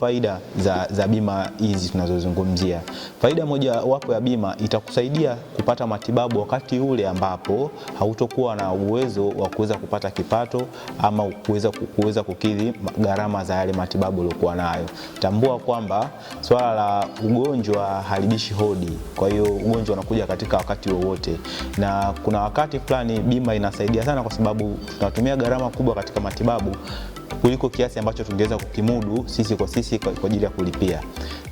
Faida za, za bima hizi tunazozungumzia, faida moja wapo ya bima itakusaidia kupata matibabu wakati ule ambapo hautokuwa na uwezo wa kuweza kupata kipato ama kuweza kukidhi gharama za yale matibabu uliokuwa nayo. Tambua kwamba swala la ugonjwa halibishi hodi, kwa hiyo ugonjwa unakuja katika wakati wowote, na kuna wakati fulani bima inasaidia sana, kwa sababu tunatumia gharama kubwa katika matibabu kuliko kiasi ambacho tungeweza kukimudu sisi kwa sisi kwa ajili ya kulipia.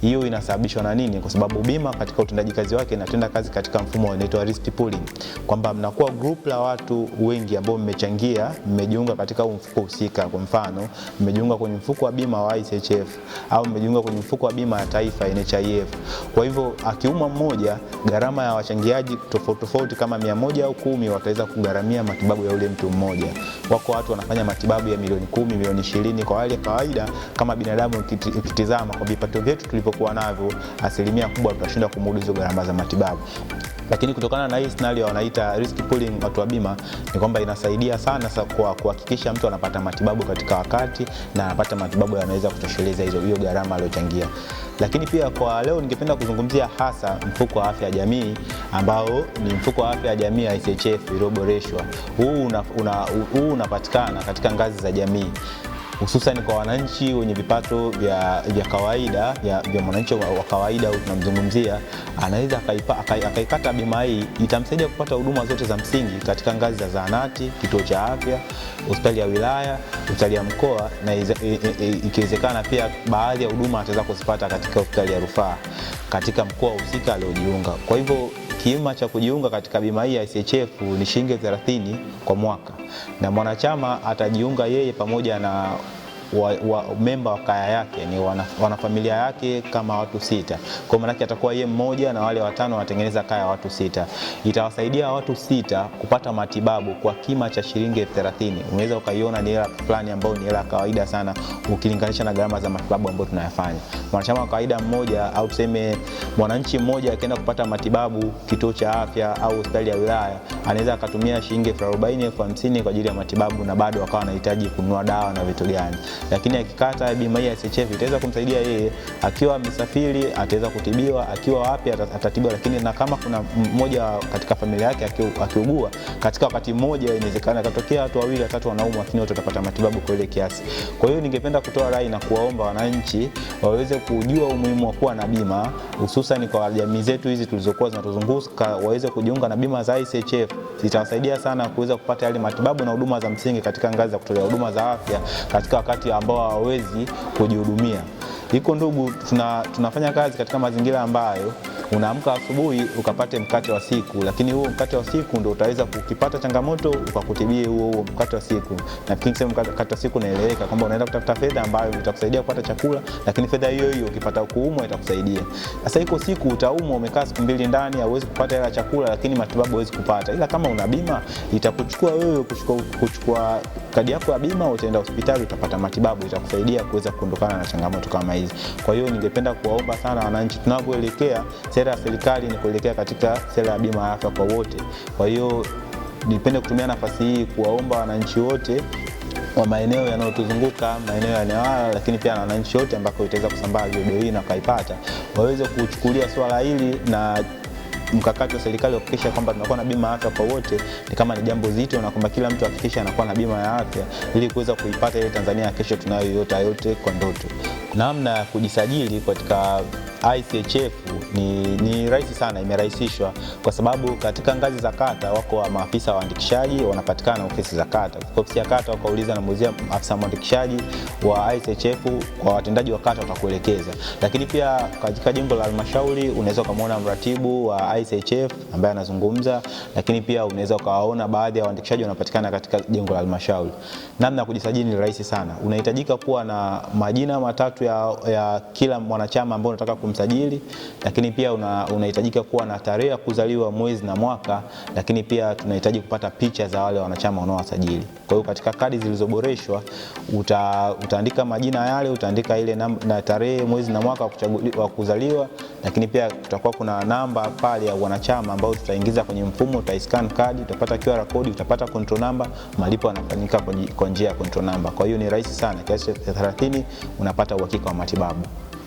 Hiyo inasababishwa na nini? Kwa sababu bima katika utendaji kazi wake inatenda kazi katika mfumo unaoitwa risk pooling, kwamba mnakuwa group la watu wengi ambao mmechangia, mmejiunga katika mfuko husika. Kwa mfano, mmejiunga kwenye mfuko wa bima wa ICHF au mmejiunga kwenye mfuko wa bima ya taifa NHIF. Kwa hivyo akiumwa mmoja, gharama ya wachangiaji tofauti tofauti kama mia moja au kumi wataweza kugharamia matibabu ya ule mtu mmoja. Wako watu wanafanya matibabu ya milioni kumi, milioni milioni ishirini kwa hali ya kawaida. Kama binadamu ukitizama kwa vipato vyetu tulivyokuwa navyo, asilimia kubwa tutashindwa kumudu hizo gharama za matibabu lakini kutokana na hii scenario wanaita risk pooling, watu wa bima, ni kwamba inasaidia sana kwa kuhakikisha mtu anapata matibabu katika wakati na anapata matibabu yanaweza kutosheleza hizo hiyo gharama aliyochangia. Lakini pia kwa leo ningependa kuzungumzia hasa mfuko wa afya ya jamii ambao ni mfuko wa afya ya jamii ya ICHF iliyoboreshwa. Huu unapatikana una, una katika ngazi za jamii hususan kwa wananchi wenye vipato vya, vya kawaida vya, vya mwananchi wa, wa kawaida au tunamzungumzia, anaweza akaipata bima hii, itamsaidia kupata huduma zote za msingi katika ngazi za zahanati, kituo cha afya, hospitali ya wilaya, hospitali ya mkoa na ikiwezekana pia baadhi ya huduma ataweza kuzipata katika hospitali ya rufaa katika mkoa husika aliojiunga. Kwa hivyo Kima cha kujiunga katika bima hii ya ICHF ni shilingi 30 kwa mwaka, na mwanachama atajiunga yeye pamoja na wa, wa, memba wa kaya yake ni wanafamilia wana, yake kama watu sita. Kwa maana yake atakuwa yeye mmoja na wale watano wanatengeneza kaya watu sita. Itawasaidia watu sita kupata matibabu kwa kima cha shilingi elfu thelathini. Unaweza ukaiona ni hela fulani ambayo ni hela kawaida sana ukilinganisha na gharama za matibabu ambayo tunayafanya. Mwanachama wa kawaida mmoja au tuseme mwananchi mmoja akienda kupata matibabu kituo cha afya au hospitali ya wilaya anaweza akatumia shilingi elfu arobaini elfu hamsini kwa ajili ya matibabu na bado akawa anahitaji kununua dawa na vitu gani lakini akikata bima hii ya SHF itaweza kumsaidia yeye, akiwa amesafiri ataweza kutibiwa, akiwa wapi atatibiwa, lakini na kama kuna mmoja katika familia yake akiugua katika wakati mmoja, inawezekana akatokea watu wawili watatu wanaumwa, lakini wote watapata matibabu kwa ile kiasi. Kwa hiyo ningependa kutoa rai na kuwaomba wananchi waweze kujua umuhimu wa kuwa na bima, hususan kwa jamii zetu hizi tulizokuwa zinatuzunguka, waweze kujiunga na bima za SHF, zitawasaidia sana kuweza kupata yale matibabu na huduma za msingi katika ngazi za kutolea huduma za afya katika wakati kati ambao hawawezi kujihudumia. Iko ndugu, tuna, tunafanya kazi katika mazingira ambayo unaamka asubuhi ukapate mkate wa siku, lakini huo mkate wa siku ndio utaweza kukipata changamoto ukakutibie huo huo mkate wa siku. Nafikiri sema mkate wa siku unaeleweka kwamba unaenda kutafuta fedha ambayo itakusaidia kupata chakula, lakini fedha hiyo hiyo ukipata kuumwa itakusaidia. Sasa iko siku utaumwa, umekaa siku mbili ndani, hauwezi kupata hela chakula, lakini matibabu huwezi kupata, ila kama una bima itakuchukua wewe kuchukua, kuchukua kadi yako ya bima, utaenda hospitali utapata matibabu, itakusaidia kuweza kuondokana na changamoto kama hizi. Kwa hiyo ningependa kuwaomba sana wananchi tunavyoelekea sera ya serikali ni kuelekea katika sera ya bima ya afya kwa wote. Kwa hiyo nipende kutumia nafasi hii kuwaomba wananchi wote wa maeneo yanayotuzunguka maeneo ya Newala, lakini pia na wananchi wote ambako itaweza kusambaa video hii na kaipata, waweze kuchukulia swala hili na mkakati wa serikali kuhakikisha kwamba tunakuwa na bima ya afya kwa wote ni kama ni jambo zito, na kwamba kila mtu hakikisha anakuwa na bima ya afya ili kuweza kuipata ile Tanzania ya kesho tunayoiota yote kwa ndoto. Namna ya kujisajili katika ICHF ni, ni rahisi sana, imerahisishwa kwa sababu katika ngazi za kata wako wa maafisa waandikishaji wanapatikana ofisi za kata. Ofisi ya kata wakauliza, namuzia afisa mwandikishaji wa ICHF kwa watendaji wa kata watakuelekeza. Lakini pia katika jimbo la halmashauri unaweza ukamwona mratibu wa ICHF ambaye anazungumza, lakini pia unaweza ukawaona baadhi ya waandikishaji wanapatikana katika jimbo la halmashauri. Namna ya kujisajili ni rahisi sana, unahitajika kuwa na majina matatu ya, ya kila mwanachama ambao unataka kum kumsajili, lakini pia unahitajika una kuwa na tarehe ya kuzaliwa, mwezi na mwaka, lakini pia tunahitaji kupata picha za wale wanachama unaowasajili. Kwa hiyo katika kadi zilizoboreshwa uta, utaandika majina yale, utaandika ile na, na tarehe, mwezi na mwaka wa kuzaliwa, lakini pia tutakuwa kuna namba pale ya wanachama ambao tutaingiza kwenye mfumo, utaiscan kadi, utapata QR code, utapata control number, malipo yanafanyika kwa njia ya control number. Kwa hiyo ni rahisi sana, kiasi cha 30 unapata uhakika wa matibabu.